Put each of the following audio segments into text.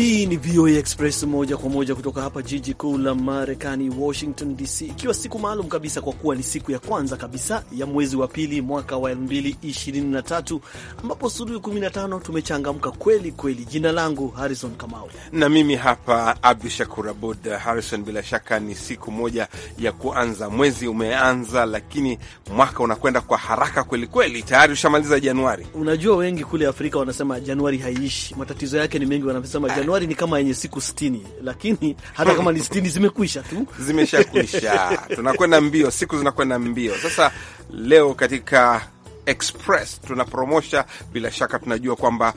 Hii ni VOA Express moja kwa moja kutoka hapa jiji kuu la Marekani, Washington DC, ikiwa siku maalum kabisa kwa kuwa ni siku ya kwanza kabisa ya mwezi wa pili mwaka wa 2023 ambapo studio 15 tumechangamka kweli kweli. Jina langu Harrison Kamau na mimi hapa Abdu Shakur Abud. Harrison, bila shaka ni siku moja ya kuanza mwezi, umeanza lakini mwaka unakwenda kwa haraka kweli kweli, tayari ushamaliza Januari. Unajua wengi kule Afrika wanasema Januari haiishi, matatizo yake ni mengi, wanasema Januari Januari ni kama yenye siku sitini, lakini hata kama ni sitini zimekwisha tu zimeshakwisha. Tunakwenda mbio, siku zinakwenda mbio. Sasa leo katika Express tunapromosha, bila shaka tunajua kwamba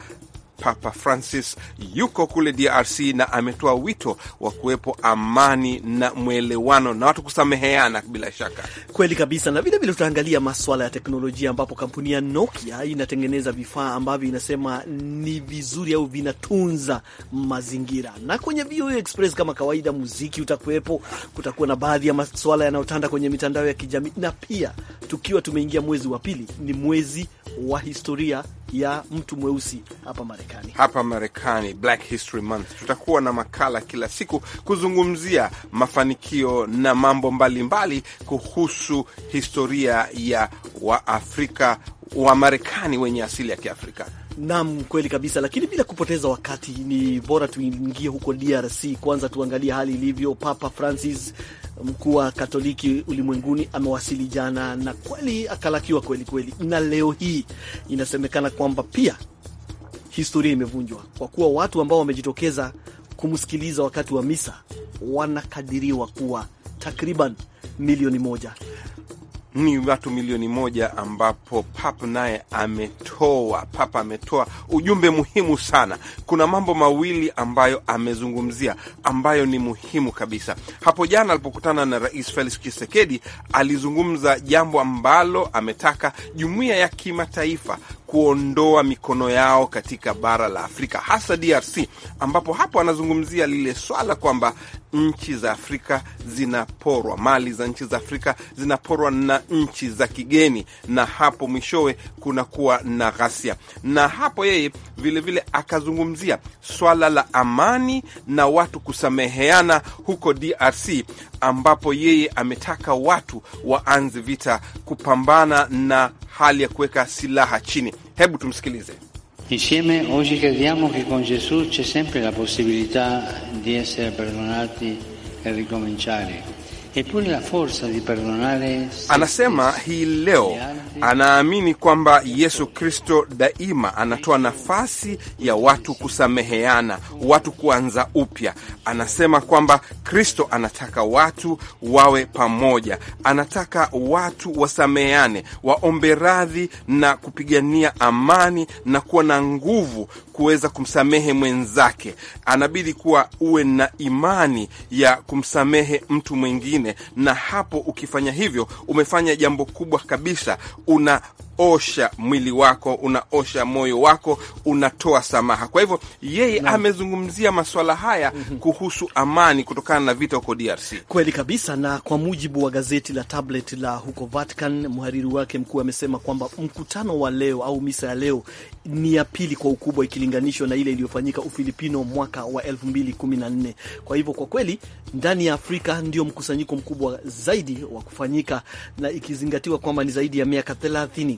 Papa Francis yuko kule DRC na ametoa wito wa kuwepo amani na mwelewano na watu kusameheana. Bila shaka, kweli kabisa. Na vilevile tutaangalia maswala ya teknolojia, ambapo kampuni ya Nokia inatengeneza vifaa ambavyo inasema ni vizuri au vinatunza mazingira. Na kwenye VOA Express kama kawaida, muziki utakuwepo, kutakuwa na baadhi ya maswala yanayotanda kwenye mitandao ya kijamii, na pia tukiwa tumeingia mwezi wa pili, ni mwezi wa historia ya mtu mweusi hapa Marekani. Marekani. Hapa Marekani, Black History Month, tutakuwa na makala kila siku kuzungumzia mafanikio na mambo mbalimbali mbali kuhusu historia ya Waafrika wa Marekani wenye asili ya Kiafrika. Naam, kweli kabisa, lakini bila kupoteza wakati, ni bora tuingie huko DRC kwanza, tuangalie hali ilivyo. Papa Francis mkuu wa Katoliki ulimwenguni amewasili jana, na kweli akalakiwa kweli kweli, na leo hii inasemekana kwamba pia historia imevunjwa, kwa kuwa watu ambao wamejitokeza kumsikiliza wakati wa misa wanakadiriwa kuwa takriban milioni moja ni watu milioni moja ambapo pap naye ametoa papa ametoa ujumbe muhimu sana. Kuna mambo mawili ambayo amezungumzia ambayo ni muhimu kabisa. Hapo jana alipokutana na Rais Felix Tshisekedi, alizungumza jambo ambalo ametaka jumuiya ya kimataifa kuondoa mikono yao katika bara la Afrika, hasa DRC, ambapo hapo anazungumzia lile swala kwamba nchi za Afrika zinaporwa, mali za nchi za Afrika zinaporwa na nchi za kigeni, na hapo mwishowe kunakuwa na ghasia. Na hapo yeye vilevile vile akazungumzia swala la amani na watu kusameheana huko DRC ambapo yeye ametaka watu waanze vita kupambana na hali ya kuweka silaha chini. Hebu tumsikilize. Insieme oggi crediamo che con Gesù c'è sempre la possibilità di essere perdonati e ricominciare Anasema hii leo anaamini kwamba Yesu Kristo daima anatoa nafasi ya watu kusameheana, watu kuanza upya. Anasema kwamba Kristo anataka watu wawe pamoja, anataka watu wasameheane, waombe radhi na kupigania amani na kuwa na nguvu kuweza kumsamehe mwenzake, anabidi kuwa uwe na imani ya kumsamehe mtu mwingine, na hapo ukifanya hivyo umefanya jambo kubwa kabisa, una unaosha mwili wako, unaosha moyo wako, unatoa samaha. Kwa hivyo yeye na amezungumzia maswala haya mm -hmm. kuhusu amani kutokana na vita huko DRC. Kweli kabisa, na kwa mujibu wa gazeti la Tablet la huko Vatican, mhariri wake mkuu amesema kwamba mkutano wa leo au misa ya leo ni ya pili kwa ukubwa ikilinganishwa na ile iliyofanyika Ufilipino mwaka wa 2014. Kwa hivyo kwa kweli ndani ya Afrika ndio mkusanyiko mkubwa zaidi wa kufanyika na ikizingatiwa kwamba ni zaidi ya miaka 30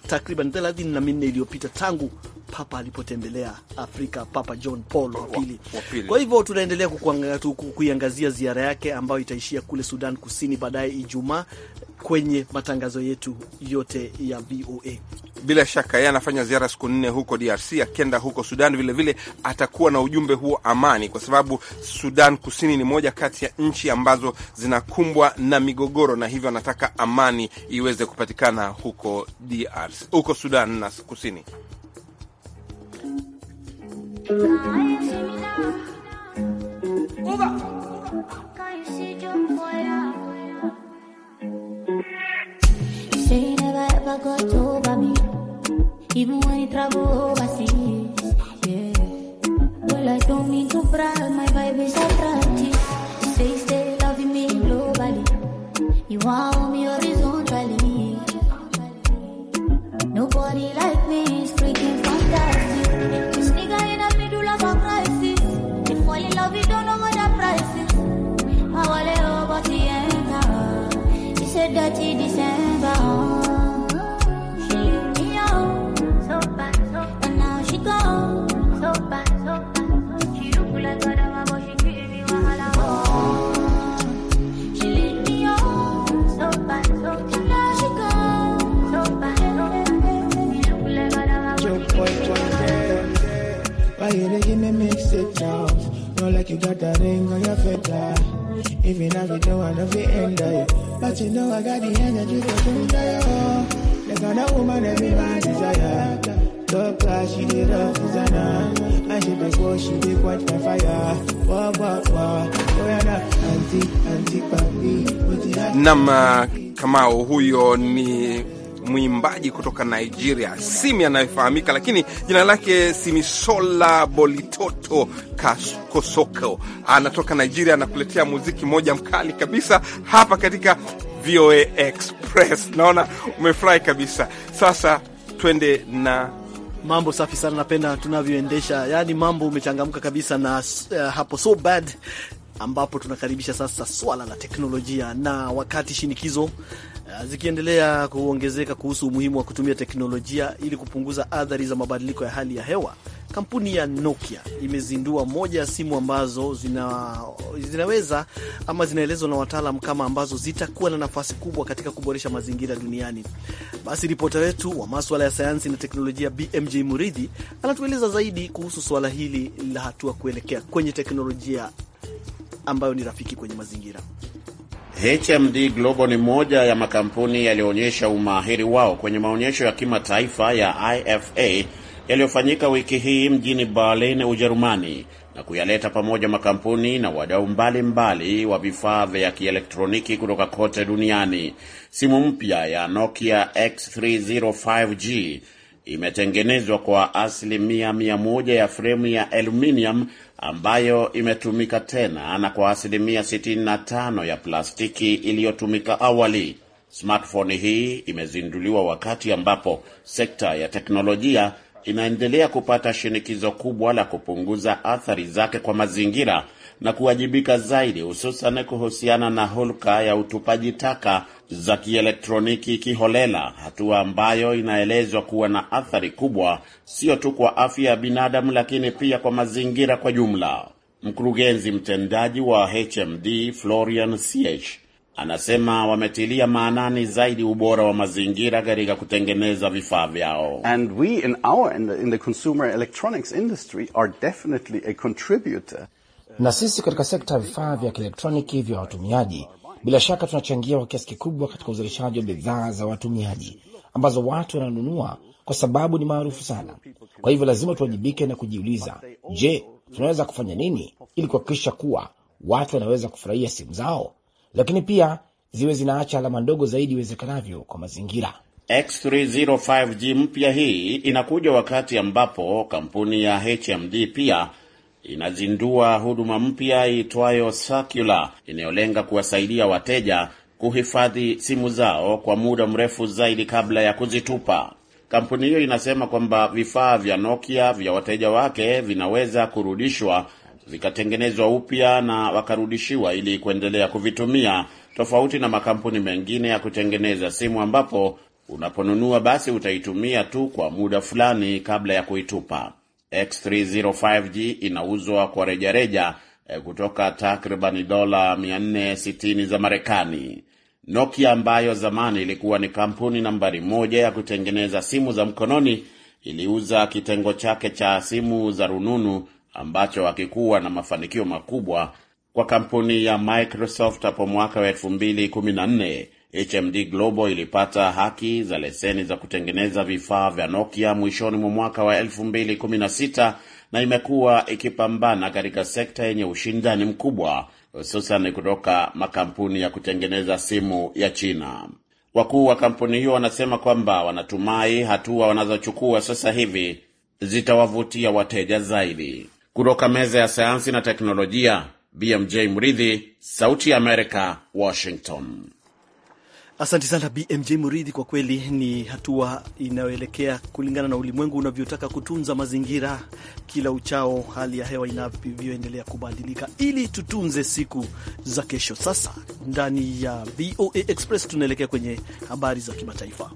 takriban 34 iliyopita tangu papa alipotembelea Afrika, Papa John Paul wa pili. Kwa hivyo tunaendelea kuiangazia ziara yake ambayo itaishia kule Sudan Kusini baadaye Ijumaa kwenye matangazo yetu yote ya VOA. Bila shaka yeye anafanya ziara siku nne huko DRC, akienda huko Sudan vilevile vile, atakuwa na ujumbe huo amani, kwa sababu Sudan Kusini ni moja kati ya nchi ambazo zinakumbwa na migogoro, na hivyo anataka amani iweze kupatikana huko DRC huko Sudan na Kusini. hear it, me mix it now. Know like you got that ring on your finger. Even if you don't I know the end But you know I got the energy to do that. Like on woman, every man desire. Top class, she did up Susanna. And she be she be quite my fire. Wow, wow, wow. Oh, auntie, auntie, papi. Nam uh, Kamau, huyo ni mwimbaji kutoka Nigeria, Simi anayefahamika lakini jina lake Simisola Bolitoto kosoko Anatoka Nigeria, anakuletea muziki moja mkali kabisa hapa katika VOA Express. Naona umefurahi kabisa. Sasa twende na Mambo safi sana, napenda tunavyoendesha, yaani mambo umechangamka kabisa na uh, hapo so bad ambapo tunakaribisha sasa swala la teknolojia, na wakati shinikizo zikiendelea kuongezeka kuhusu umuhimu wa kutumia teknolojia ili kupunguza athari za mabadiliko ya hali ya hewa, kampuni ya Nokia imezindua moja ya simu ambazo zina, zinaweza ama zinaelezwa na wataalam kama ambazo zitakuwa na nafasi kubwa katika kuboresha mazingira duniani. Basi ripota wetu wa maswala ya sayansi na teknolojia BMJ Muridhi anatueleza zaidi kuhusu suala hili la hatua kuelekea kwenye teknolojia ambayo ni rafiki kwenye mazingira. HMD Global ni moja ya makampuni yaliyoonyesha umahiri wao kwenye maonyesho ya kimataifa ya IFA yaliyofanyika wiki hii mjini Berlin, Ujerumani na kuyaleta pamoja makampuni na wadau mbalimbali wa vifaa vya kielektroniki kutoka kote duniani. Simu mpya ya Nokia X305G imetengenezwa kwa asilimia mia moja ya fremu ya aluminium ambayo imetumika tena na kwa asilimia 65 ya plastiki iliyotumika awali. Smartphone hii imezinduliwa wakati ambapo sekta ya teknolojia inaendelea kupata shinikizo kubwa la kupunguza athari zake kwa mazingira na kuwajibika zaidi, hususan kuhusiana na hulka ya utupaji taka za kielektroniki kiholela, hatua ambayo inaelezwa kuwa na athari kubwa sio tu kwa afya ya binadamu, lakini pia kwa mazingira kwa jumla. Mkurugenzi mtendaji wa HMD Florian Ch anasema wametilia maanani zaidi ubora wa mazingira katika kutengeneza vifaa vyao. And we in our, in the, in the consumer electronics industry are definitely a contributor na sisi katika sekta ya vifaa vya kielektroniki vya watumiaji, bila shaka tunachangia kwa kiasi kikubwa katika uzalishaji wa bidhaa za watumiaji ambazo watu wananunua kwa sababu ni maarufu sana. Kwa hivyo lazima tuwajibike na kujiuliza, je, tunaweza kufanya nini ili kuhakikisha kuwa watu wanaweza kufurahia simu zao, lakini pia ziwe zinaacha alama ndogo zaidi iwezekanavyo kwa mazingira. X305G mpya hii inakuja wakati ambapo kampuni ya HMD pia inazindua huduma mpya iitwayo Sakula inayolenga kuwasaidia wateja kuhifadhi simu zao kwa muda mrefu zaidi kabla ya kuzitupa. Kampuni hiyo inasema kwamba vifaa vya Nokia vya wateja wake vinaweza kurudishwa vikatengenezwa upya na wakarudishiwa ili kuendelea kuvitumia, tofauti na makampuni mengine ya kutengeneza simu ambapo unaponunua basi utaitumia tu kwa muda fulani kabla ya kuitupa. X305G inauzwa kwa rejareja reja eh, kutoka takribani dola 460 za Marekani. Nokia ambayo zamani ilikuwa ni kampuni nambari moja ya kutengeneza simu za mkononi iliuza kitengo chake cha simu za rununu ambacho hakikuwa na mafanikio makubwa kwa kampuni ya Microsoft hapo mwaka wa 2014. HMD Global ilipata haki za leseni za kutengeneza vifaa vya Nokia mwishoni mwa mwaka wa 2016 na imekuwa ikipambana katika sekta yenye ushindani mkubwa hususan kutoka makampuni ya kutengeneza simu ya China. Wakuu wa kampuni hiyo wanasema kwamba wanatumai hatua wanazochukua sasa hivi zitawavutia wateja zaidi. Kutoka meza ya sayansi na teknolojia, BMJ Mridhi, Sauti ya Amerika, Washington. Asante sana BMJ Muridhi, kwa kweli ni hatua inayoelekea kulingana na ulimwengu unavyotaka kutunza mazingira kila uchao, hali ya hewa inavyoendelea kubadilika, ili tutunze siku za kesho. Sasa ndani ya VOA Express tunaelekea kwenye habari za kimataifa.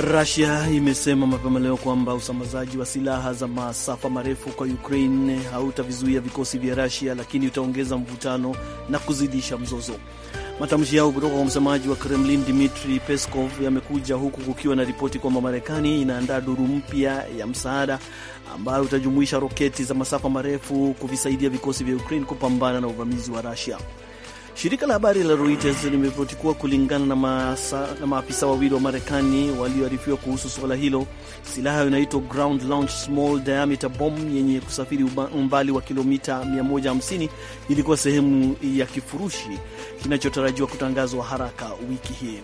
Rusia imesema mapema leo kwamba usambazaji wa silaha za masafa marefu kwa Ukraine hautavizuia vikosi vya Rusia, lakini utaongeza mvutano na kuzidisha mzozo. Matamshi yao kutoka kwa msemaji wa Kremlin Dmitri Peskov yamekuja huku kukiwa na ripoti kwamba Marekani inaandaa duru mpya ya msaada ambayo utajumuisha roketi za masafa marefu kuvisaidia vikosi vya Ukraine kupambana na uvamizi wa Rusia. Shirika la habari la Reuters limeripoti kuwa kulingana na, maasa, na maafisa wawili wa Marekani walioarifiwa kuhusu suala hilo, silaha inaitwa ground launch small diameter bomb yenye kusafiri umbali wa kilomita 150 ilikuwa sehemu ya kifurushi kinachotarajiwa kutangazwa haraka wiki hii.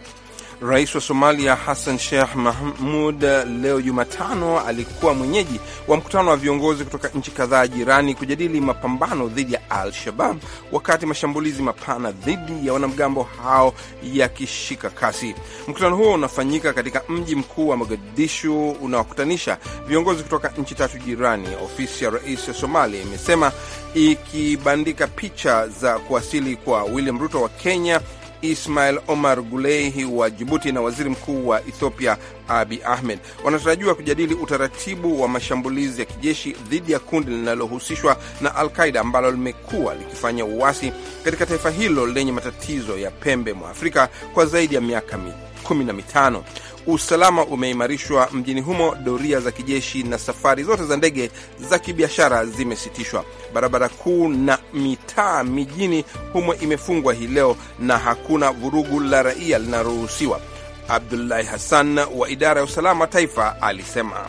Rais wa Somalia Hassan Sheikh Mahmud leo Jumatano alikuwa mwenyeji wa mkutano wa viongozi kutoka nchi kadhaa jirani kujadili mapambano dhidi ya Al-Shabab, wakati mashambulizi mapana dhidi ya wanamgambo hao yakishika kasi. Mkutano huo unafanyika katika mji mkuu wa Mogadishu, unaokutanisha viongozi kutoka nchi tatu jirani. Ofisi ya rais wa Somalia imesema ikibandika picha za kuwasili kwa William Ruto wa Kenya Ismail Omar Guleihi wa Jibuti na waziri mkuu wa Ethiopia Abi Ahmed wanatarajiwa kujadili utaratibu wa mashambulizi ya kijeshi dhidi ya kundi linalohusishwa na Al Qaida ambalo limekuwa likifanya uasi katika taifa hilo lenye matatizo ya pembe mwa Afrika kwa zaidi ya miaka kumi na mitano. Usalama umeimarishwa mjini humo, doria za kijeshi na safari zote za ndege za kibiashara zimesitishwa. Barabara kuu na mitaa mijini humo imefungwa hii leo na hakuna vurugu la raia linaruhusiwa. Abdullahi Hassan wa idara ya usalama taifa alisema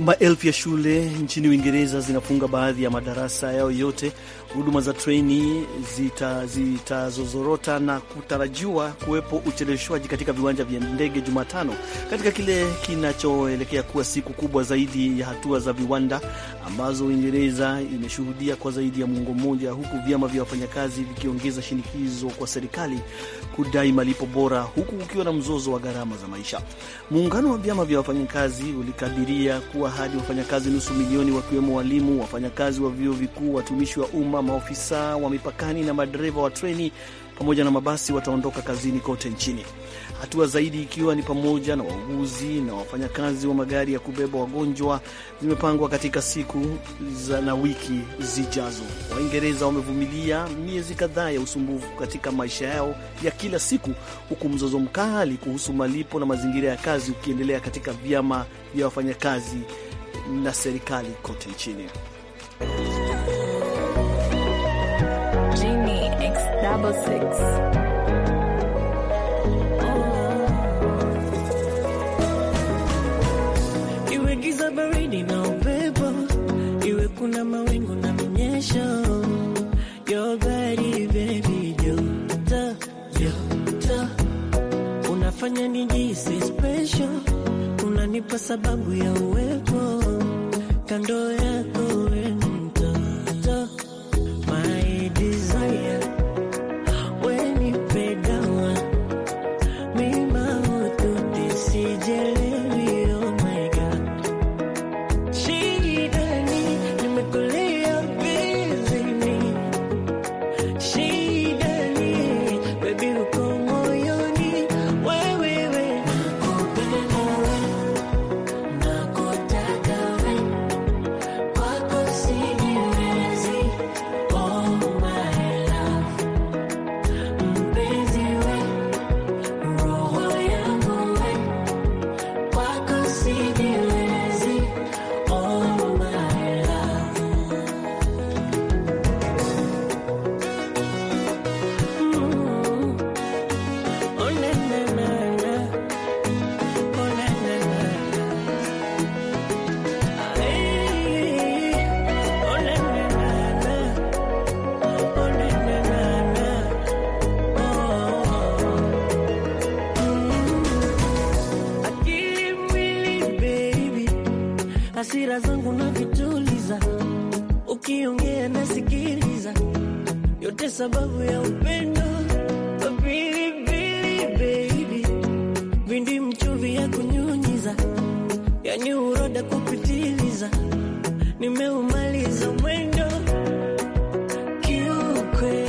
maelfu ya shule nchini Uingereza zinafunga baadhi ya madarasa yao yote huduma za treni zitazozorota zita na kutarajiwa kuwepo ucheleweshwaji katika viwanja vya ndege Jumatano, katika kile kinachoelekea kuwa siku kubwa zaidi ya hatua za viwanda ambazo Uingereza imeshuhudia kwa zaidi ya muongo mmoja, huku vyama vya wafanyakazi vikiongeza shinikizo kwa serikali kudai malipo bora, huku ukiwa na mzozo wa gharama za maisha. Muungano wa vyama vya wafanyakazi ulikadiria kuwa hadi wafanyakazi nusu milioni wakiwemo walimu, wafanyakazi wa vyuo vikuu, watumishi wa umma maofisa wa mipakani na madereva wa treni pamoja na mabasi wataondoka kazini kote nchini, hatua zaidi ikiwa ni pamoja na wauguzi na wafanyakazi wa magari ya kubeba wagonjwa zimepangwa katika siku za na wiki zijazo. Waingereza wamevumilia miezi kadhaa ya usumbufu katika maisha yao ya kila siku, huku mzozo mkali kuhusu malipo na mazingira ya kazi ukiendelea katika vyama vya wafanyakazi na serikali kote nchini. double six. Giza baridi na upepo, iwe kuna mawingu na minyesho, unafanya jisi special, unanipa sababu ya uwepo kando yako. hasira zangu navituliza, ukiongea nasikiliza, yote sababu ya upendo pilipili baby, vindi mchuvi ya kunyunyiza, yani uroda kupitiliza, nimeumaliza mwendo kiukwe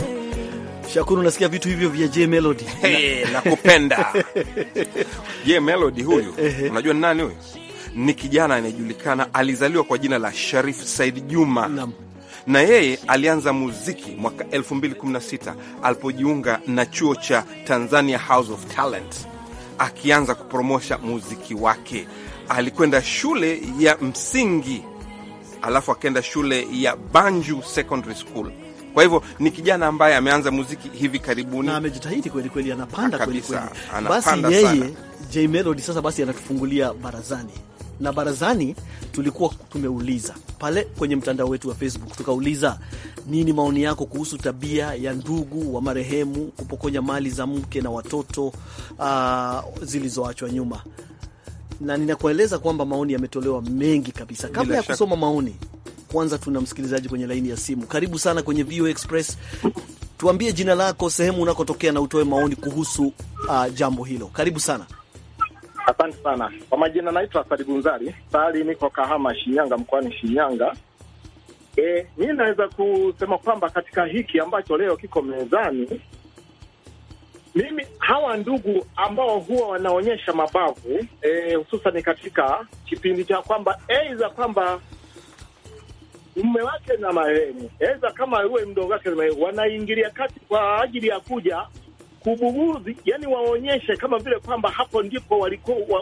Shakuru, nasikia vitu hivyo vya J Melody. Hey, nakupenda J Melody huyu, unajua ni nani huyu? ni kijana anayejulikana, alizaliwa kwa jina la Sharif Said Juma na, na yeye alianza muziki mwaka 2016 alipojiunga na chuo cha Tanzania House of Talent akianza kupromosha muziki wake. Alikwenda shule ya msingi alafu akaenda shule ya Banju Secondary School. Kwa hivyo ni kijana ambaye ameanza muziki hivi karibuni na amejitahidi kweli kweli, anapanda kweli kweli, basi yeye J Melody sasa basi anatufungulia barazani na barazani tulikuwa tumeuliza pale kwenye mtandao wetu wa Facebook, tukauliza nini maoni yako kuhusu tabia ya ndugu wa marehemu kupokonya mali za mke na watoto uh, zilizoachwa nyuma, na ninakueleza kwamba maoni yametolewa mengi kabisa. Kabla ya kusoma maoni, kwanza tuna msikilizaji kwenye laini ya simu. Karibu sana kwenye VOA Express. Tuambie jina lako, sehemu unakotokea na utoe maoni kuhusu uh, jambo hilo. Karibu sana. Asante sana kwa majina, naitwa Sali Bunzari Sali, niko Kahama, Shinyanga, mkoani Shinyanga. E, mi naweza kusema kwamba katika hiki ambacho leo kiko mezani, mimi hawa ndugu ambao huwa wanaonyesha mabavu e, hususan katika kipindi cha kwamba aidha kwamba mume wake na marehemu aidha kama uwe mdogo wake wanaingilia kati kwa ajili ya kuja kubuguzi, yani waonyeshe kama vile kwamba hapo ndipo walikuwa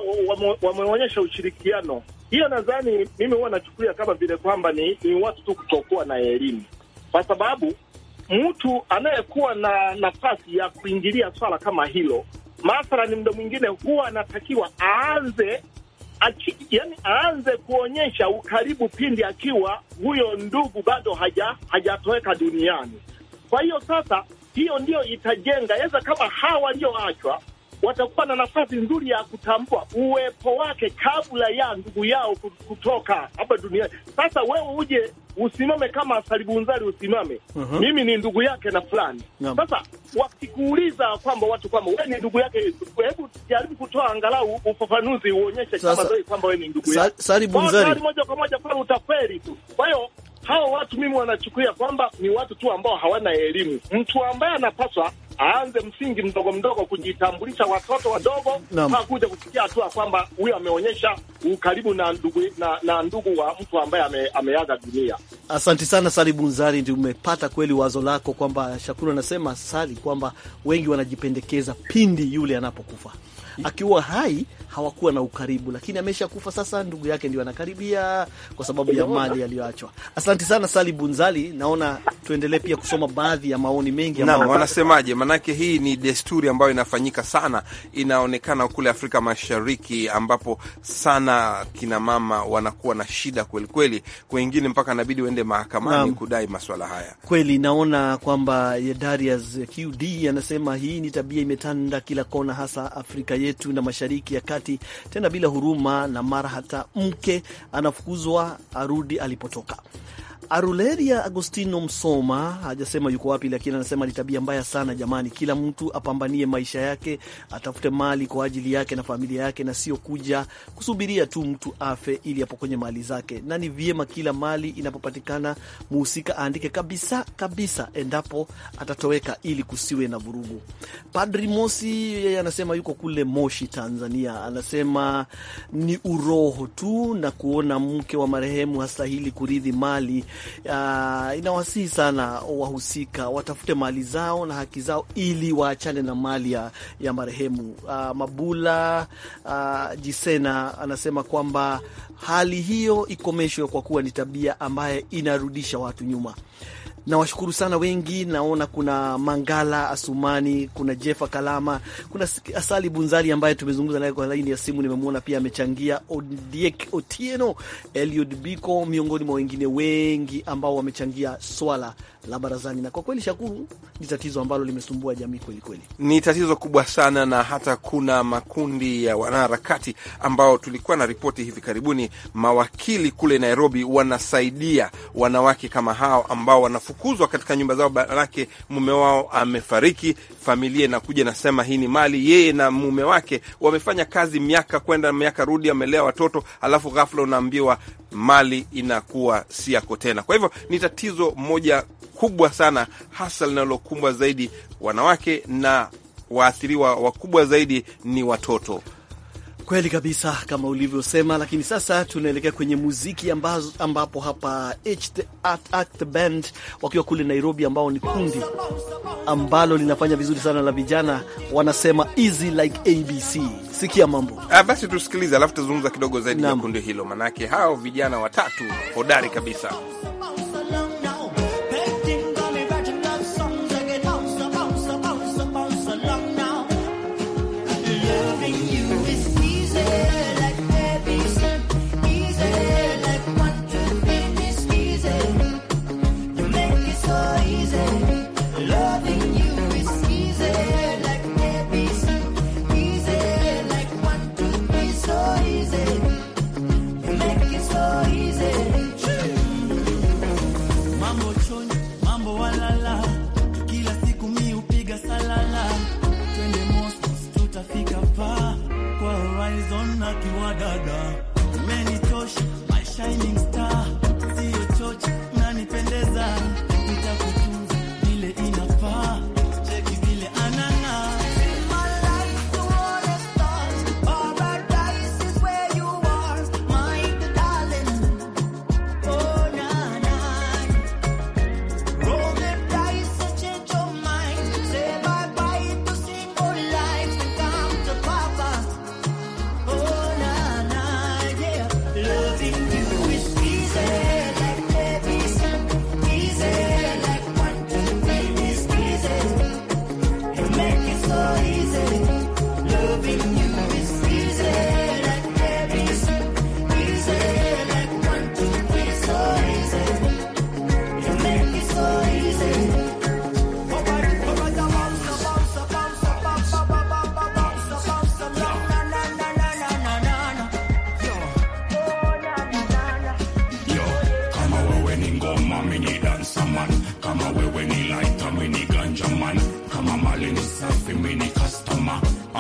wameonyesha wa, wa, wa ushirikiano. Hiyo nadhani mimi huwa nachukulia kama vile kwamba ni, ni watu tu kutokuwa na elimu, kwa sababu mtu anayekuwa na nafasi ya kuingilia swala kama hilo, mathalani, mdo mwingine huwa anatakiwa aanze Achi, yani aanze kuonyesha ukaribu pindi akiwa huyo ndugu bado haja hajatoweka duniani. Kwa hiyo sasa hiyo ndio itajenga yaweza. Kama hawa walioachwa watakuwa na nafasi nzuri ya kutambua uwepo wake kabla ya ndugu yao kutoka hapa duniani. Sasa wewe uje usimame kama Salibunzari, usimame uh mhm. -huh. Mimi ni ndugu yake na fulani yeah. Sasa wakikuuliza kwamba watu kwamba wewe ni ndugu yake, hebu jaribu kutoa angalau ufafanuzi uonyeshe kama kwamba wewe ni ndugu yake. Salibunzari moja kwa moja kwa utakweli tu. Kwa hiyo hao watu mimi wanachukulia kwamba ni watu tu ambao hawana elimu. Mtu ambaye anapaswa aanze msingi mdogo mdogo kujitambulisha watoto wadogo kuja kufikia hatua kwamba huyo ameonyesha ukaribu na ndugu, na, na ndugu wa mtu ambaye ame, ameaga dunia. asanti sana Sali Bunzari, ndi umepata kweli wazo lako kwamba Shakuru anasema Sali kwamba wengi wanajipendekeza pindi yule anapokufa akiwa hai hawakuwa na ukaribu, lakini ameshakufa sasa, ndugu yake ndio anakaribia kwa sababu ya mali yaliyoachwa. Asante sana Sali Bunzali, naona tuendelee pia kusoma baadhi ya maoni mengi na wanasemaje, manake hii ni desturi ambayo inafanyika sana, inaonekana kule Afrika Mashariki ambapo sana kina mama wanakuwa na shida kwelikweli, wengine mpaka nabidi uende mahakamani kudai maswala haya. Kweli naona kwamba Darius QD anasema hii ni tabia imetanda kila kona, hasa Afrika yetu na Mashariki ya Kati, tena bila huruma, na mara hata mke anafukuzwa arudi alipotoka. Aruleria Agostino Msoma hajasema yuko wapi, lakini anasema ni tabia mbaya sana jamani. Kila mtu apambanie maisha yake, atafute mali kwa ajili yake na familia yake, na sio kuja kusubiria tu mtu afe ili apokonye mali zake. Na ni vyema kila mali inapopatikana, muhusika aandike kabisa kabisa endapo atatoweka, ili kusiwe na vurugu. Padri Mosi yeye anasema yuko kule Moshi, Tanzania. Anasema ni uroho tu na kuona mke wa marehemu hastahili kurithi mali uh, inawasihi sana wahusika watafute mali zao na haki zao ili waachane na mali ya, ya marehemu uh, Mabula uh, Jisena anasema kwamba hali hiyo ikomeshwe kwa kuwa ni tabia ambaye inarudisha watu nyuma. Nawashukuru sana wengi, naona kuna Mangala Asumani, kuna Jefa Kalama, kuna Asali Bunzali ambaye tumezungumza naye kwa laini ya simu, nimemwona pia amechangia, Odiek Otieno, Eliud Biko, miongoni mwa wengine wengi ambao wamechangia swala la barazani. Na kwa kweli, Shakuru, ni tatizo ambalo limesumbua jamii kwelikweli, ni tatizo kubwa sana, na hata kuna makundi ya wanaharakati ambao tulikuwa na ripoti hivi karibuni, mawakili kule Nairobi wanasaidia wanawake kama hao ambao wanafuku wamefukuzwa katika nyumba zao, manake mume wao amefariki. Familia inakuja nasema hii ni mali, yeye na mume wake wamefanya kazi miaka kwenda miaka rudi, amelea watoto, alafu ghafla unaambiwa mali inakuwa si yako tena. Kwa hivyo ni tatizo moja kubwa sana, hasa linalokumbwa zaidi wanawake na waathiriwa wakubwa zaidi ni watoto. Kweli kabisa kama ulivyosema, lakini sasa tunaelekea kwenye muziki ambazo, ambapo hapa Act Band wakiwa kule Nairobi, ambao ni kundi ambalo linafanya vizuri sana la vijana, wanasema easy like ABC. Sikia mambo ah, basi tusikilize, alafu tuzungumza kidogo zaidi ya kundi hilo, manake hao vijana watatu hodari kabisa.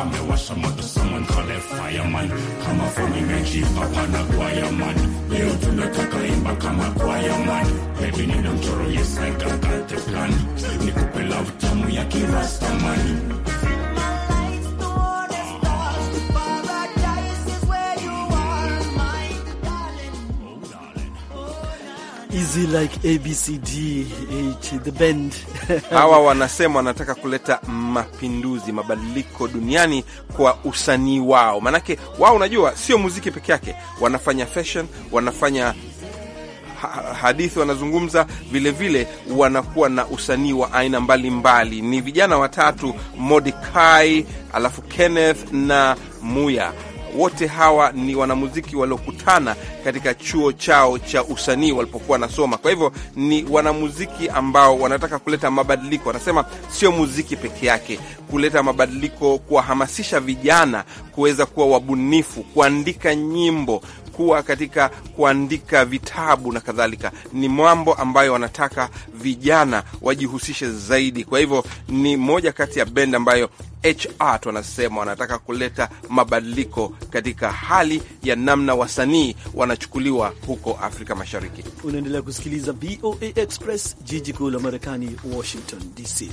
I'm amewasha moto, someone call a fireman. Come for me, Kama fomu imejipa pana kwaya man, leo tunataka imba kama kwaya man. Baby nina mchoro, yes I got the plan, nikupe love tamu ya kirasta man Easy like ABCD H, the band. Hawa wanasema wanataka kuleta mapinduzi, mabadiliko duniani kwa usanii wao. Maanake wao, unajua, sio muziki peke yake, wanafanya fashion, wanafanya hadithi wanazungumza vilevile, wanakuwa na usanii wa aina mbalimbali. Ni vijana watatu Modikai, alafu Kenneth na Muya wote hawa ni wanamuziki waliokutana katika chuo chao cha usanii walipokuwa wanasoma. Kwa hivyo ni wanamuziki ambao wanataka kuleta mabadiliko. Wanasema sio muziki peke yake, kuleta mabadiliko, kuwahamasisha vijana kuweza kuwa wabunifu, kuandika nyimbo kuwa katika kuandika vitabu na kadhalika. Ni mambo ambayo wanataka vijana wajihusishe zaidi. Kwa hivyo ni moja kati ya bendi ambayo HR wanasema wanataka kuleta mabadiliko katika hali ya namna wasanii wanachukuliwa huko Afrika Mashariki. Unaendelea kusikiliza VOA Express, jiji kuu la Marekani, Washington DC.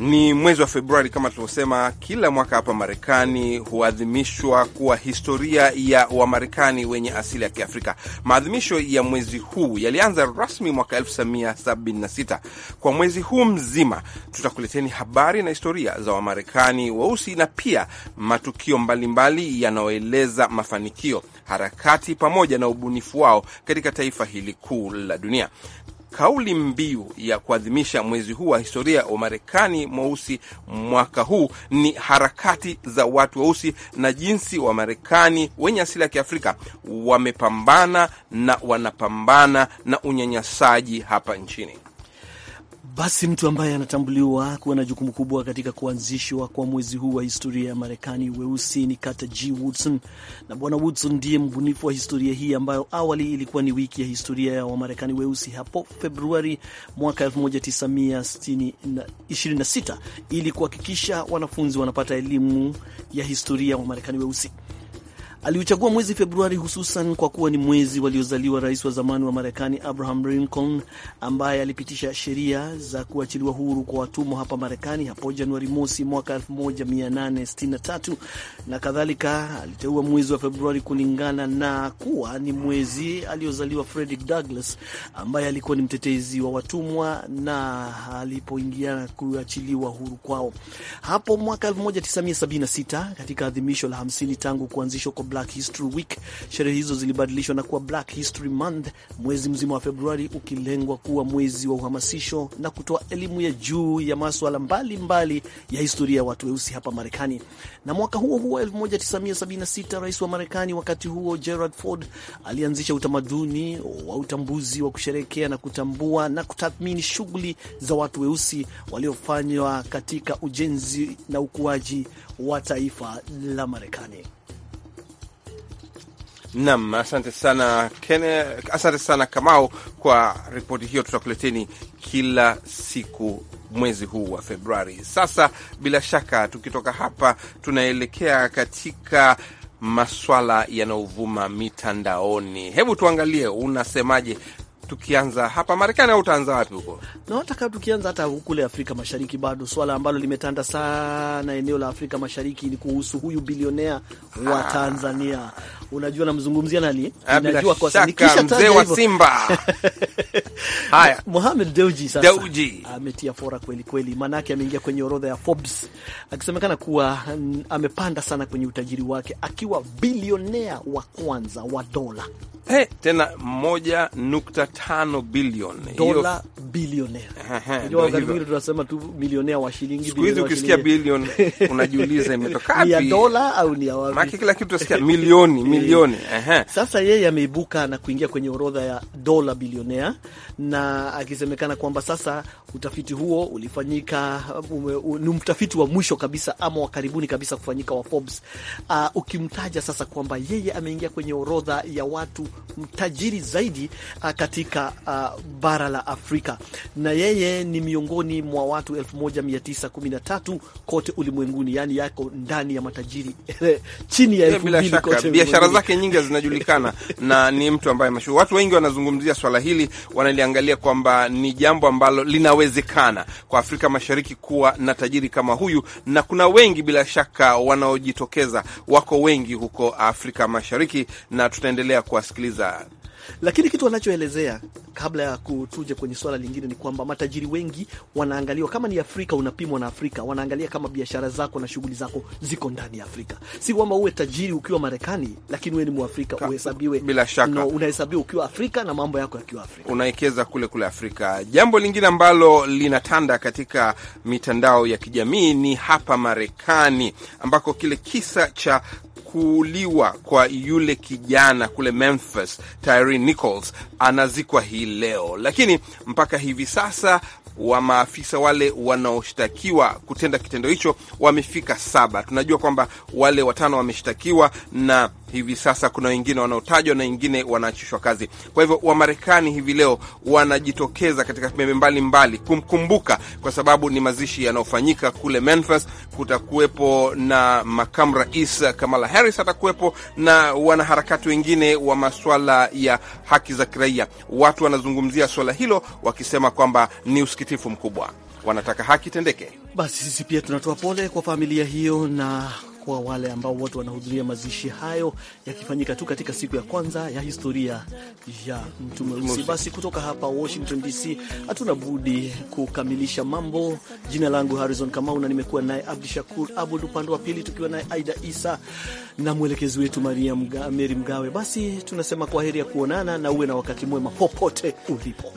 Ni mwezi wa Februari, kama tulivyosema, kila mwaka hapa Marekani huadhimishwa kuwa historia ya Wamarekani wenye asili ya Kiafrika. Maadhimisho ya mwezi huu yalianza rasmi mwaka 1976. Kwa mwezi huu mzima, tutakuleteni habari na historia za Wamarekani weusi wa na pia matukio mbalimbali yanayoeleza mafanikio, harakati pamoja na ubunifu wao katika taifa hili kuu la dunia. Kauli mbiu ya kuadhimisha mwezi huu wa historia wa Marekani mweusi mwaka huu ni harakati za watu weusi na jinsi Wamarekani wenye asili ya Kiafrika wamepambana na wanapambana na unyanyasaji hapa nchini. Basi mtu ambaye anatambuliwa kuwa na jukumu kubwa katika kuanzishwa kwa mwezi huu wa historia ya Marekani weusi ni Carter G. Woodson, na Bwana Woodson ndiye mbunifu wa historia hii ambayo awali ilikuwa ni wiki ya historia ya Wamarekani weusi hapo Februari mwaka 1926 ili kuhakikisha wanafunzi wanapata elimu ya historia ya Wamarekani weusi. Aliuchagua mwezi Februari hususan kwa kuwa ni mwezi waliozaliwa rais wa zamani wa Marekani Abraham Lincoln ambaye alipitisha sheria za kuachiliwa huru kwa watumwa hapa Marekani hapo Januari mosi mwaka 1863 na kadhalika. Aliteua mwezi wa Februari kulingana na kuwa ni mwezi aliozaliwa Frederick Douglass ambaye alikuwa ni mtetezi wa watumwa na alipoingiana kuachiliwa huru kwao hapo mwaka 1976 katika adhimisho la 50 tangu kuanzishwa Black History Week. Sherehe hizo zilibadilishwa na kuwa Black History Month, mwezi mzima wa Februari ukilengwa kuwa mwezi wa uhamasisho na kutoa elimu ya juu ya maswala mbalimbali ya historia ya watu weusi hapa Marekani. Na mwaka huo huo 1976, rais wa Marekani wakati huo Gerald Ford alianzisha utamaduni wa utambuzi wa kusherekea na kutambua na kutathmini shughuli za watu weusi waliofanywa katika ujenzi na ukuaji wa taifa la Marekani. Nam, asante sana Kene, asante sana Kamau kwa ripoti hiyo. Tutakuleteni kila siku mwezi huu wa Februari. Sasa bila shaka, tukitoka hapa tunaelekea katika maswala yanayovuma mitandaoni. Hebu tuangalie unasemaje tukianza hapa Marekani au utaanza wapi huko? Naona kama tukianza hata kule Afrika Mashariki, bado swala ambalo limetanda sana eneo la Afrika Mashariki ni kuhusu huyu bilionea wa ah. Tanzania. Unajua namzungumzia nani? Ah, Najua kwa sababu mzee wa Simba Haya, Mohamed Deuji sasa Deuji ametia fora kweli kweli, maanake ameingia kwenye orodha ya Forbes akisemekana kuwa amepanda sana kwenye utajiri wake akiwa bilionea wa kwanza wa dola. Hey, tena moja nukta tano bilioni dola bilionea. Tunasema tu milionea wa shilingi, siku hizi ukisikia bilioni unajiuliza imetoka wapi? Ya dola au ni ya wapi? Maana kila kitu tunasikia milioni eh. milioni. Sasa yeye ameibuka na kuingia kwenye orodha ya dola bilionea na akisemekana kwamba sasa utafiti huo ulifanyika, ni mtafiti wa mwisho kabisa ama wa karibuni kabisa kufanyika wa Forbes. Uh, ukimtaja sasa kwamba yeye ameingia kwenye orodha ya watu mtajiri zaidi uh, katika uh, bara la Afrika na yeye ni miongoni mwa watu 1913 kote ulimwenguni, yani yako ndani ya matajiri chini ya eh, elfu mbili kote. Biashara zake nyingi zinajulikana na ni mtu ambaye mashuhuri. Watu wengi wanazungumzia swala hili wanali aliangalia kwamba ni jambo ambalo linawezekana kwa Afrika Mashariki kuwa na tajiri kama huyu, na kuna wengi bila shaka wanaojitokeza, wako wengi huko Afrika Mashariki, na tutaendelea kuwasikiliza. Lakini kitu anachoelezea kabla ya kutuja kwenye swala lingine ni kwamba matajiri wengi wanaangaliwa, kama ni Afrika unapimwa na Afrika, wanaangalia kama biashara zako na shughuli zako ziko ndani ya Afrika. Si kwamba uwe tajiri ukiwa Marekani, lakini uwe ni Mwafrika, uhesabiwe bila shaka. No, unahesabiwa ukiwa Afrika na mambo yako yakiwa Afrika, unaekeza kule kule Afrika. Jambo lingine ambalo linatanda katika mitandao ya kijamii ni hapa Marekani ambako kile kisa cha kuuliwa kwa yule kijana kule Memphis Tyree Nichols anazikwa hii leo, lakini mpaka hivi sasa wa maafisa wale wanaoshtakiwa kutenda kitendo hicho wamefika saba. Tunajua kwamba wale watano wameshtakiwa na hivi sasa kuna wengine wanaotajwa na wengine wanaachishwa kazi. Kwa hivyo Wamarekani hivi leo wanajitokeza katika pembe mbalimbali kumkumbuka, kwa sababu ni mazishi yanayofanyika kule Memphis. Kutakuwepo na makamu rais Kamala Harris, atakuwepo na wanaharakati wengine wa maswala ya haki za kiraia. Watu wanazungumzia swala hilo wakisema kwamba ni usikitifu mkubwa, wanataka haki tendeke. Basi sisi pia tunatoa pole kwa familia hiyo na kwa wale ambao wote wanahudhuria mazishi hayo yakifanyika tu katika siku ya kwanza ya historia ya mtu mweusi. Basi kutoka hapa Washington DC hatuna budi kukamilisha mambo. Jina langu Harrison Kamau na nimekuwa naye Abdi Shakur Abud upande wa pili, tukiwa naye Aida Isa na mwelekezi wetu Maria Mga, Meri Mgawe. Basi tunasema kwa heri ya kuonana na uwe na wakati mwema popote ulipo.